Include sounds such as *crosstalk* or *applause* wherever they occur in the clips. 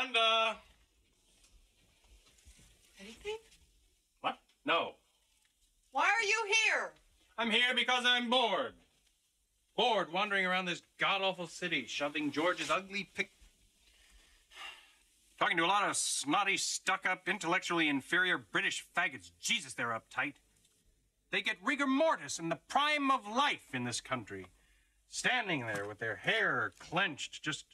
Wanda. Anything? What? No. Why are you here? I'm here because I'm bored. Bored wandering around this god awful city, shoving George's ugly pic. Talking to a lot of snotty, stuck up, intellectually inferior British faggots. Jesus, they're uptight. They get rigor mortis in the prime of life in this country. Standing there with their hair clenched, just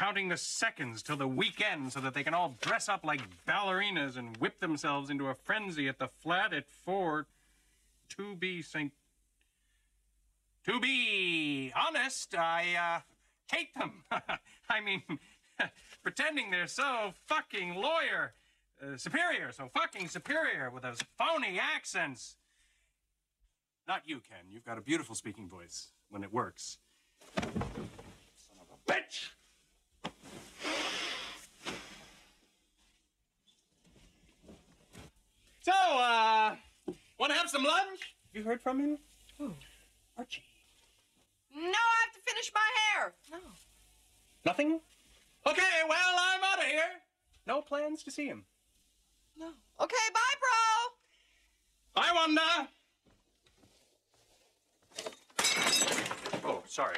counting the seconds till the weekend so that they can all dress up like ballerinas and whip themselves into a frenzy at the flat at 4 to be St. To be honest, I uh, hate them. *laughs* I mean, *laughs* pretending they're so fucking lawyer uh, superior, so fucking superior with those phony accents. Not you, Ken. You've got a beautiful speaking voice when it works. Son of a bitch! So, uh, want to have some lunch? Have you heard from him? Oh, Archie. No, I have to finish my hair. No. Nothing? Okay, well, I'm out of here. No plans to see him. No. Okay, bye, bro. I wonder. Oh, sorry.